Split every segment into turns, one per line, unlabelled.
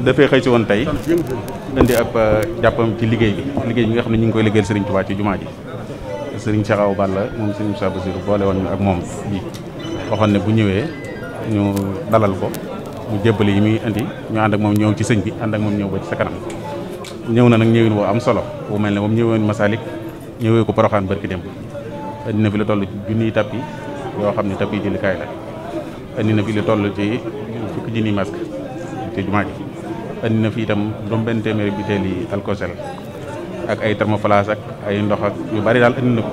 dafay xëy si woon tey indi ab euh, jàppam ci liggéey bi liggéey bi nga xam ne ñu ngi koy liggéeyal Serigne Touba ci jumaa ji Serigne Cheikh Awa la moom Serigne Moussa Bassirou boole woon ak moom bi waxoon ne bu ñëwee ñu dalal ko mu jébbal yi muy indi ñu ànd ak moom ñëw ci sëñ bi ànd ak moom ñëw ba ci sa kanam ñëw na nag ñëwin woo am solo bu mel ne moom ñëwoon Masalik ñëwee ko Poroxaan barki dem indi na fi lu toll ci junniy tappi yoo xam ne tappi jëlikaay la indi na fi lu toll ci fukki junniy masque ci andi na fi itam juróom benn téeméeri butéel yi alkosel ak ay thermoflash ak ay ndox ak yu bari daal andi na ko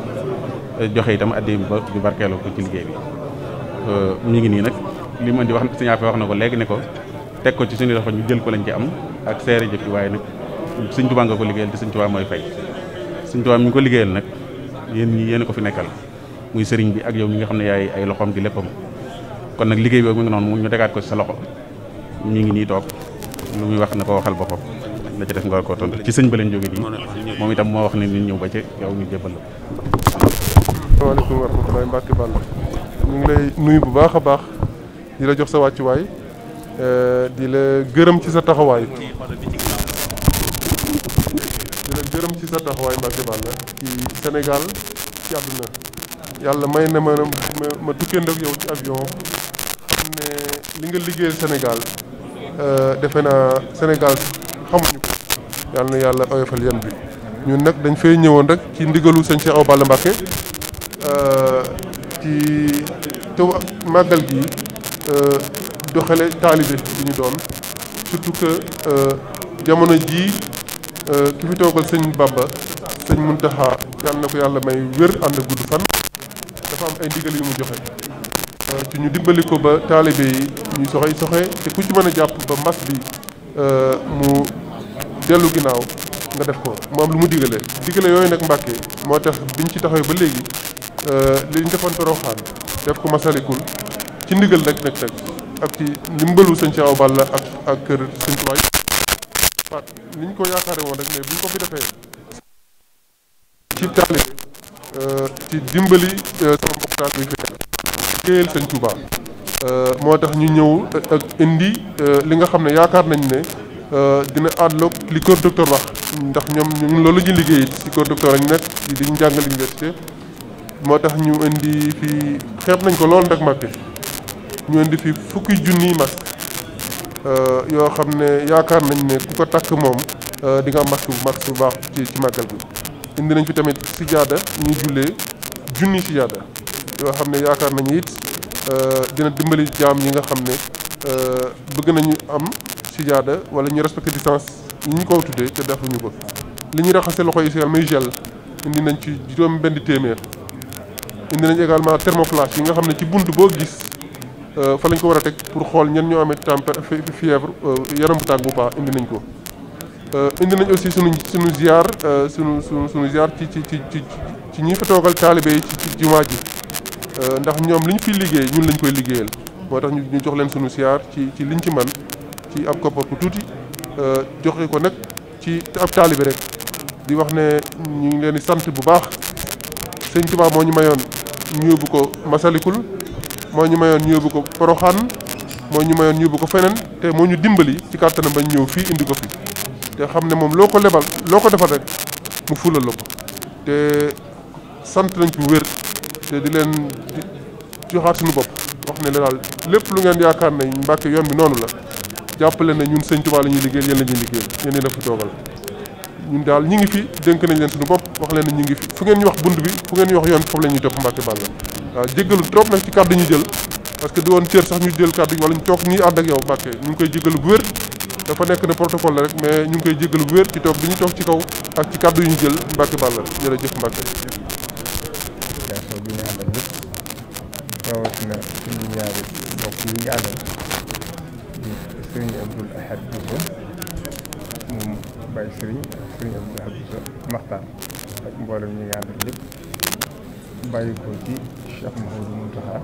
eh, joxe itam addi ba ñu barkeeloo ko ci liggéey bi. ñu eh, ngi nii nag li mu andi wax si ñaafe wax na ko léegi ne ko teg ko ci suñu loxo ñu jël ko lañ ci am ak seere jëf yi waaye nag Sëñ Tuubaa nga ko liggéeyal te Sëñ Tuubaa mooy fay Sëñ Tuubaa mi ngi ko liggéeyal nag yéen ñi yéen ko fi nekkal muy sëriñ bi ak yow mi nga xam ne yaay ay loxoom di léppam kon nag liggéey bi ak mi ngi noonu ñu tegaat ko ci ñu ngi nii toog. lu muy wax na ko waxal boppam la ci def nga ko tontu ci sëñ ba leen jóge nii moom itam moo wax ne nit ñëw ba ci yow ñu jébbal la.
asalaamaaleykum wa rahmatulah Mbacke Ball ñu ngi lay nuyu bu baax a baax di la jox sa wàccuwaay eh, di la gërëm ci sa taxawaay. di la gërëm ci sa taxawaay Mbacke Ball ci Sénégal ci àdduna yàlla may na ma ma ma tukkee ndox yow ci avion xam ne li nga liggéeyal Sénégal. Euh, defe na Sénégal xamuñu ko yàlla na yàlla oyofal yan bi ñun nag dañ fay ñëwoon rek ci ndigalu sëñ Cheikh Awa Balla Mbacké euh, ci taw màggal gi euh, doxale taalibe bi ñu doon surtout que jamono jii ki fi toogal sëñ Bamba sëñ Muntaxa yàlla na ko yàlla may wér ànd gudd fan dafa am ay ndigal yu mu joxe te ñu dimbali ko ba taalibe yi ñuy soxey soxe te ku ci mën a jàpp ba mas bi euh, mu dellu ginnaaw nga def ko moom lu mu diggalee digale yooyu nag Mbàkke moo tax biñ ci taxawee ba léegi euh, li ñu defoon Porokhane def ko Masalikul ci ndigal nag nag nag ak ci ndimbalu sëñ Cheikh Awa Balla ak ak kër sëñ Tuubaa pat ni ñu ko yaakaare woon rek mais bu ñu ko fi defee ci taalibe euh, ci dimbali sama mbokk taalibe liggéeyal sëñ Touba euh, moo tax ñu ñëw ak indi euh, li nga xam ne yaakaar nañ ne euh, dina àdloog li kër docteur wax ndax ñoom ñu loolu ñu liggéey ci kër docteur lañ nekk di di njàngal université moo tax ñu indi fii xeeb nañ ko lool nag Mbacké ñu indi fi fukki junniy masque yoo xam ne yaakaar nañ ne ku ko takk moom dinga nga bu masque bu baax ci ci bi indi nañ fi tamit sijaada ñu jullee junni sijaada yoo xam ne yaakaar nañu it euh, dina dimbali jaam yi nga xam ne euh, bëgg nañu am sijaada wala ñu respecté distance yi ñu ko tuddee te defuñu ko. li ñuy raxase loxo yi si muy gel indi nañ ci juróom benn téeméer indi nañ également thermoflash yi nga xam ne ci bunt boo gis euh, fa lañ ko war a teg pour xool ñen ñoo amee tempé fièvre yaram bu tàng bu baax indi nañ ko. indi nañ aussi sunu sunu ziar sunu sunu sunu ziar ci ci ci ci ñi fa toogal taalibe yi ji. Euh, ndax ñoom li ñu fiy liggéey ñun lañ koy liggéeyal moo tax ñu jox leen sunu siyaar ci ci liñ ci man ci ab koppar ku tuuti euh, joxe ko nag ci ab taalibe rek di wax ne ñu leen di sant bu baax sëñ Tuubaa moo ñu mayoon ñu yóbbu ko Masalikul moo ñu mayoon ñu yóbbu ko Poroxaan moo ñu mayoon ñu yóbbu ko feneen te moo ñu dimbali ci kàttanam ba ñëw fii indi ko fi te xam ne moom loo ko lebal loo ko defal rek mu fulal la ko te sant nañ ci wér. te di leen joxaat suñu bopp wax ne la daal lépp lu ngeen yaakaar ne Mbàkke yoon bi noonu la jàppale ne ñun sëñ Tuubaa la ñu liggéeyal yéen la ñuy liggéeyal yéen ñi la fi toogal daal ñi ngi fii dénk nañ leen suñu leen ne ngi fi fu ngeen ñu wax bunt bi fu ngeen ñu wax yoon foofu la ñuy topp Mbàkke Bàlla waaw jéggalu trop nag ci kàddu ñu jël parce que di woon cër sax ñu jël kàddu wala ñu toog ñuy ànd ak yow Mbàkke ñu ngi koy jéggalu bu wér dafa nekk na protocole la rek mais ñu ngi koy jéggalu bu wér ci toog bi jërëjëf
Mbàkke yi nga àndal lépp rawatina suñu ñaari mbokk yi nga àndal di sëriñ Abdul Ahad Bousso moom Baye Sëriñ ak sëriñ Abdul Ahad Bousso Maxtaar ak mboolem ñi nga àndal lépp bàyyi ko ci Cheikh Mouhamadou Mountakha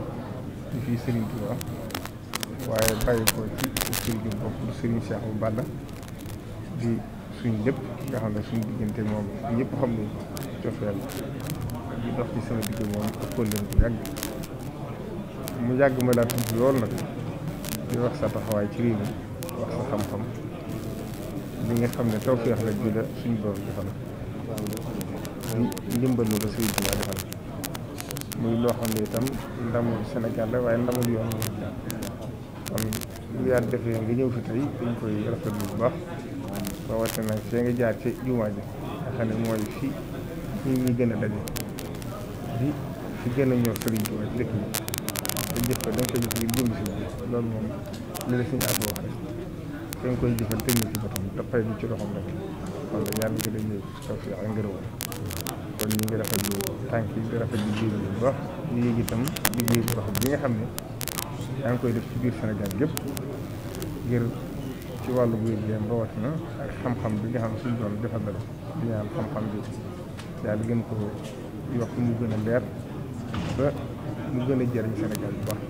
di fii sëriñ Touba waaye bàyyi ko ci sëriñ bopp sëriñ Cheikh bu Balla di suñ lépp nga xam ne suñu diggante moom ñëpp xam ne cofeel bi dox ci sama digg moom ak kóllëre bu yàgg mu yàgg ma laa tudd lool nag di wax sa taxawaay ci réew mi wax sa xam-xam li nga xam ne tawfeex la ju la suñu borom defal di ndimbalu muy loo xam ne itam ndamul Sénégal la waaye ndamul yoon kon lu yàlla defee nga ñëw fi tey dañ koy rafetlu bu baax rawatina fee nga jaar ci jumaa ji nga xam ne mooy fii ñi ñuy gën a daje ci gën a ñor Serigne Touba ci dëkk te jëf ko koy jëf ngir jëm si loolu moom li la suñu àgg wax rek dañ koy jëfal teg ci boppam te ci loxoom rek kon yàlla a ñëw taw si ak ngërëm kon ngi rafetlu tànk yi di rafetlu jiw bi bu baax ñu yëg itam liggéey bu rafet nga xam ne yaa ngi koy def ci biir Sénégal gépp ngir ci wàllu wér gu yaram rawatina ak xam-xam bi nga xam ne suñu doon defal la di ñaan xam-xam bi yàlla gën ko. yokk mu gën a leer ba mu gën a jëriñ Sénégal bu baax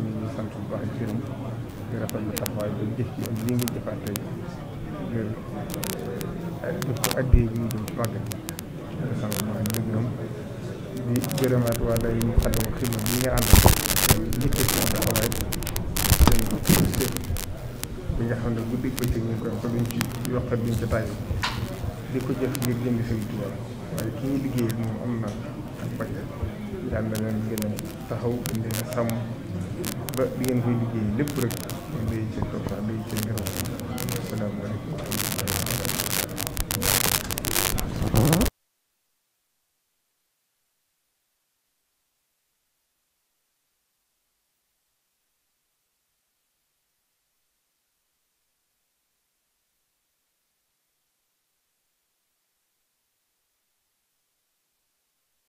ñu ngi sant bu baax di gërëm di rafetlu taxawaay bi jëf ci ak lii nga jëfante ngir eh, def sant bu baax di gërëm di gërëmaat waa nga ànd ak liggéey ci bi nga xam ne guddi bëccëg ñu ngi koy wax duñ ci yokkat duñ ci tàyyi di ko jëf ngir jënd Sëriñ Tuubaa waaye ki ñu liggéey moom am na ak pàccal yàlla na leen gën taxaw indi na sàmm ba di ngeen koy liggéey lépp rek day ci toog day ci ngërëm asalaamaaleykum wa rahmatulah